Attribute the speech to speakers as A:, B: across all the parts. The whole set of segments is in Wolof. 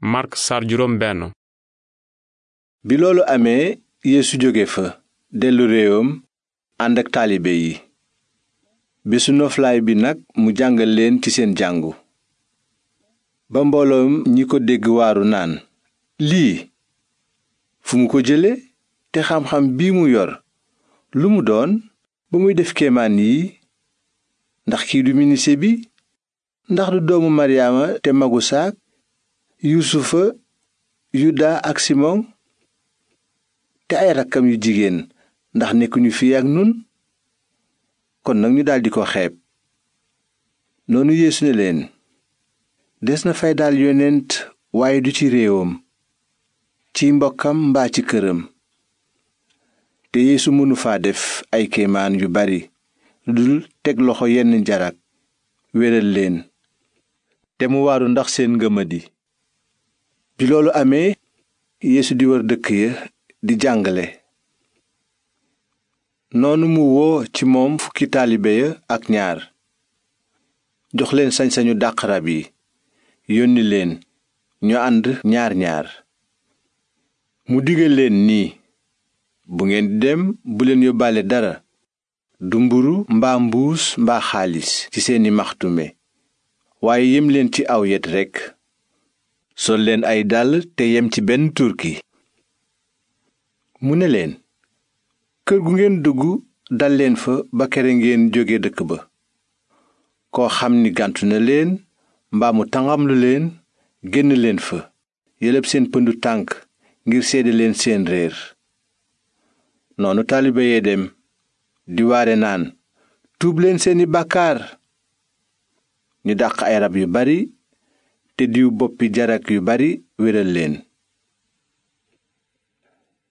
A: Mark juróom benn. bi loolu amee yéesu jóge fa dellu réewam ànd ak taalibe yi bésu noflaay bi nag mu jàngal leen ci seen jàngu ba mbooloom ñi ko dégg waaru naan lii fu mu ko jële te xam-xam bii mu yor lu mu doon ba muy def kemaan yi ndax kii du minise bi ndax du doomu Maryaama te magu saak yuusufa yuda ak simoŋ te ay rakkam yu jigéen ndax nekkuñu fii ak nun kon nag ñu daldi ko xeeb noonu yeesu ne leen des na fay dal yonent waaye du ci réewam ci mbokkam mbaa ci këram te yeesu mënu faa def ay kéemaan yu bari lu dul teg loxo yenn jarak wéral leen te mu waaru ndax seen ngëmadi bi loolu amee yéesu di wër dëkk ya di jàngale noonu mu woo ci moom fukki taalibe ya ak ñaar jox leen sañ-sañu dàq rab yi yónni leen ñu ànd ñaar ñaar mu digal leen nii bu ngeen di dem bu yóbbaale dara du mburu mbaa mbuus mbaa xaalis ci seeni maxtume waaye yem leen ci aw yet rekk sol leen ay dàll ci benn turki mu ne leen kër gu ngeen dugg dal leen fa ba kere ngeen jóge dëkk ba koo xam ni gàntu na leen mbaamu mu tangamlu leen génn leen fa yëlëb seen pëndu tànk ngir seede leen seen réer noonu taalibe yee dem di waare naan tuub leen seeni bàkkaar ñu daq ay rab yu bari te diw boppi jarak yu bari wéral leen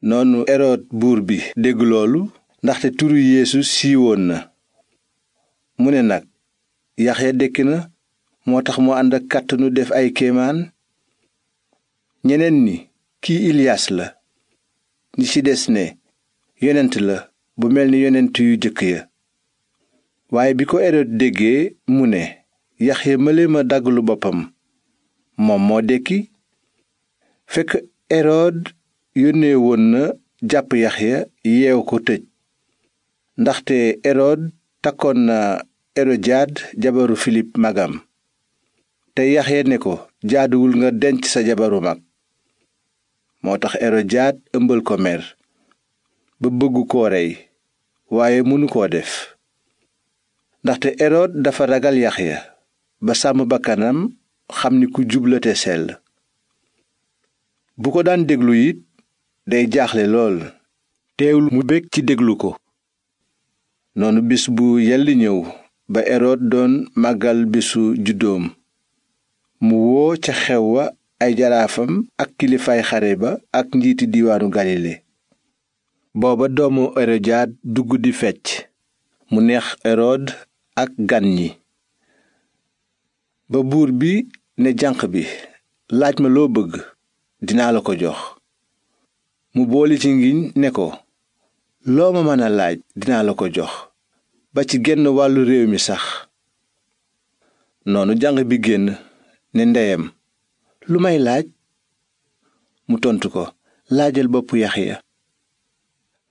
A: noonu erod buur bi dégg loolu ndaxte turu yéesu siiwoon na mu ne nag yaxya dekki na moo tax mu ànd ak kàttanu def ay kéemaan ñeneen ni kii iliyaas la ñi ci des ne yonent la bu mel ni yonent yu jëkk ya waaye bi ko erod déggee mu ne yaxya mële ma dagglu boppam moom moo dekki fekk erod yónnee woon na jàpp yax ya yeew ko tëj ndaxte erod takkoon na erodiyaad jabaru filip magam te yaxya ne ko jaaduwul nga denc sa jabaru mag moo tax erodiyaad ëmbal ko mer ba bëggu ko rey waaye mënu koo def ndaxte erod dafa ragal ya ba sàmm bakkanam xam ni ku jubla te bu ko daan déglu it day jaaxle lool teewul mu bég ci déglu ko noonu bis bu yelli ñëw ba erod doon màggal bisu juddoom mu woo ca xew wa ay jaraafam ak kilifaay xare ba ak njiiti diwaanu galile booba doomu erodiyaad dugg di fecc mu neex erod ak gan ñi ba buur bi ne janq bi laaj ma loo bëgg dinaa la ko jox mu booli ci ngiñ ne ko loo ma mën a laaj dinaa la ko jox ba ci genn wàllu réew mi sax noonu janq bi génn ne ndeyam lu may laaj mu tontu ko laajal boppu yax Yaxya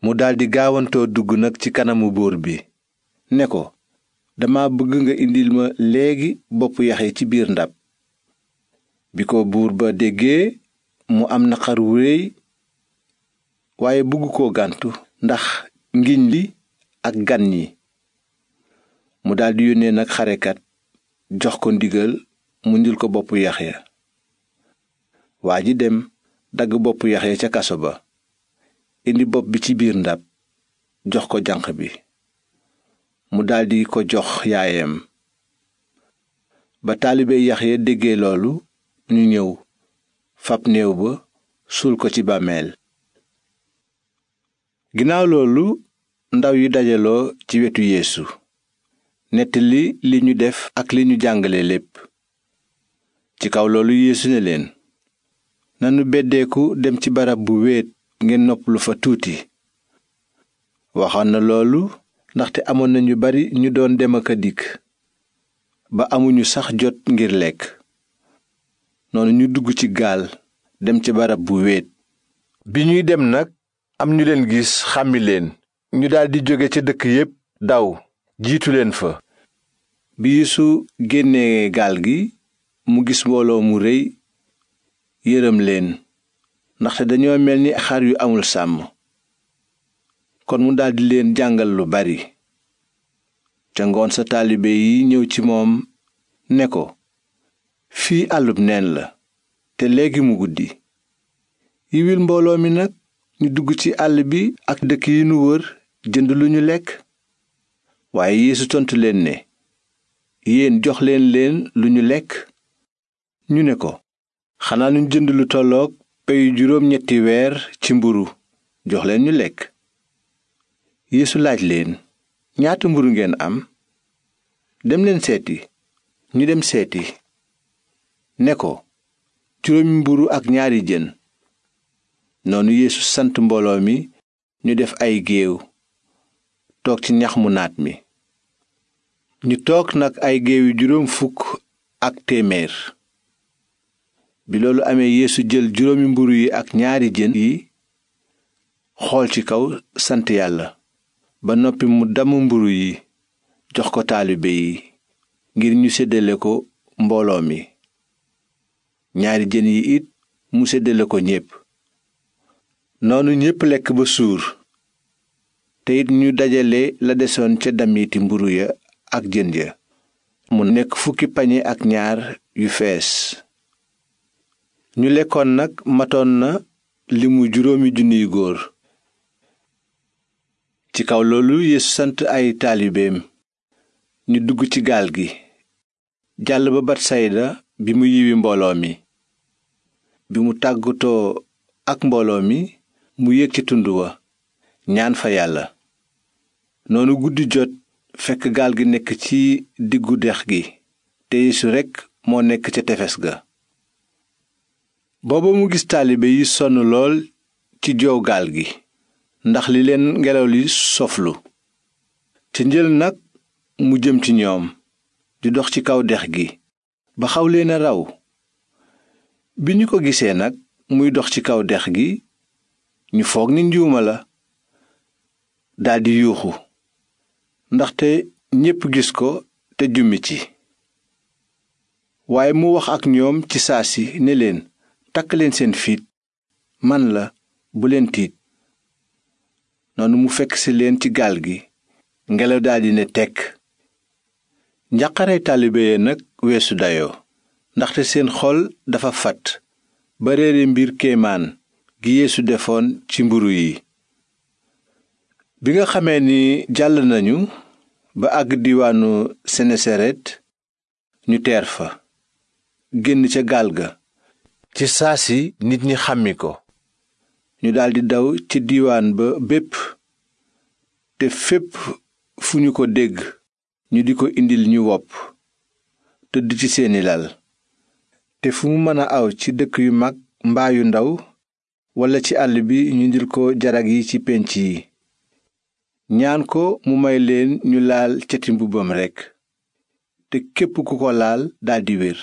A: mu daldi gaawantoo dugg nag ci kanamu buur bi né ko dama bëgg nga indil ma léegi bopp Yaxya ci biir ndab bi ko buur ba déggee mu am naqar wu réy waaye bëgg koo gantu ndax ngiñ li ak gan yi mu daldi yónnee nag xarekat jox ko ndigal mu ndil ko bopp ya waa ji dem dagg bopp Yaxya ca kaso ba indi bopp bi ci biir ndab jox ko janq bi mu daldi ko jox yaayam ba taalibe Yaxya déggee loolu ñu ñëw fab néew ba suul ko ci bàmmeel ginnaaw loolu ndaw yi dajaloo ci wetu yeesu nettali li ñu def ak li ñu jàngale lépp ci kaw loolu yeesu ne leen nanu beddeeku dem ci barab bu wéet ngeen noppalu fa tuuti waxoon na loolu ndaxte amoon na ñu bari ñu doon dem ak a dikk ba amuñu sax jot ngir lekk noonu ñu dugg ci gaal dem ci barab bu wéet bi ñuy dem nag am ñu leen gis xàmmi leen ñu daldi jóge ca dëkk yépp daw jiitu leen fa bi Yeesu génnee gaal gi mu gis mbooloo mu rëy yërëm leen ndaxte dañoo mel ni xar yu amul sàmm kon mu daldi leen jàngal lu bari ca ngoon sa taalibe yi ñëw ci moom ne ko fii àllub neen la te léegi mu guddi yiwil mbooloo mi nag ñu dugg ci àll bi ak dëkk yi nu wër jënd lu ñu lekk waaye yeesu tontu leen ne yéen jox leen leen lu ñu lekk ñu ne ko xanaa ñu jënd lu tollook peyu juróom ñetti weer ci mburu jox leen ñu lekk Yeesu laaj leen ñaata mburu ngeen am dem leen seeti ñu dem seeti ne ko juróomi mburu ak ñaari jën noonu Yeesu sant mbooloo mi ñu def ay géew toog ci ñax mu naat mi ñu toog nag ay géew yu juróom fukk ak téeméer bi loolu amee yéesu jël juróomi mburu yi ak ñaari jën yi xool ci kaw sant yàlla ba noppi mu damm mburu yi jox ko taalibe yi ngir ñu seddale ko mbooloo mi ñaari jën yi it mu séddale ko ñépp noonu ñépp lekk ba suur te ñu dajale la desoon ca damiti mburu ya ak jën ya mu nekk fukki pañe ak ñaar yu fees ñu lekkoon nag matoon na limu juróomi junniy góor ci kaw loolu yeesu sant ay taalibeem ñu dugg ci gaal gi jàll ba batsayda bi mu yiwi mbooloo mi bi mu tàggatoo ak mbooloo mi mu yéeg ci tund wa ñaan fa yàlla noonu guddi jot fekk gaal gi nekk ci diggu dex gi te yeesu rekk moo nekk ca tefes ga booba mu gis taalibe sonn lool ci joow gi ndax li leen ngelaw li soflu te njël nag mu jëm ci ñoom di dox ci kaw dex gi ba xaw leen a raw bi ñu ko gisee nag muy dox ci kaw dex gi ñu foog ni njuuma la daldi yuuxu ndaxte ñépp gis ko te jummi ci waaye mu wax ak ñoom ci saa si ni leen takk leen seen fiit man la bu leen tiit noonu mu fekk si leen ci gaal gi ngelaw daldi ne tekk njàqare taalibe ya nag weesu dayoo ndaxte seen xool dafa fat ba réere mbir kéemaan gi yeesu defoon ci mburu yi bi nga xamee ni jàll nañu ba àgg diwaanu senesaret ñu teer fa génn ca gaal ga ci saa si nit ñi xàmmi ko ñu daldi daw ci diiwaan ba bépp te fépp fu ñu ko dégg ñu di ko indil ñu wopp tëdd ci seeni lal te fu mu mën a aw ci dëkk yu mag mbaa yu ndaw walla ci àll bi ñu ndil ko jarag yi ci pénc yi ñaan ko mu may leen ñu laal cati mbubbam rekk te képp ku ko laal daldi wér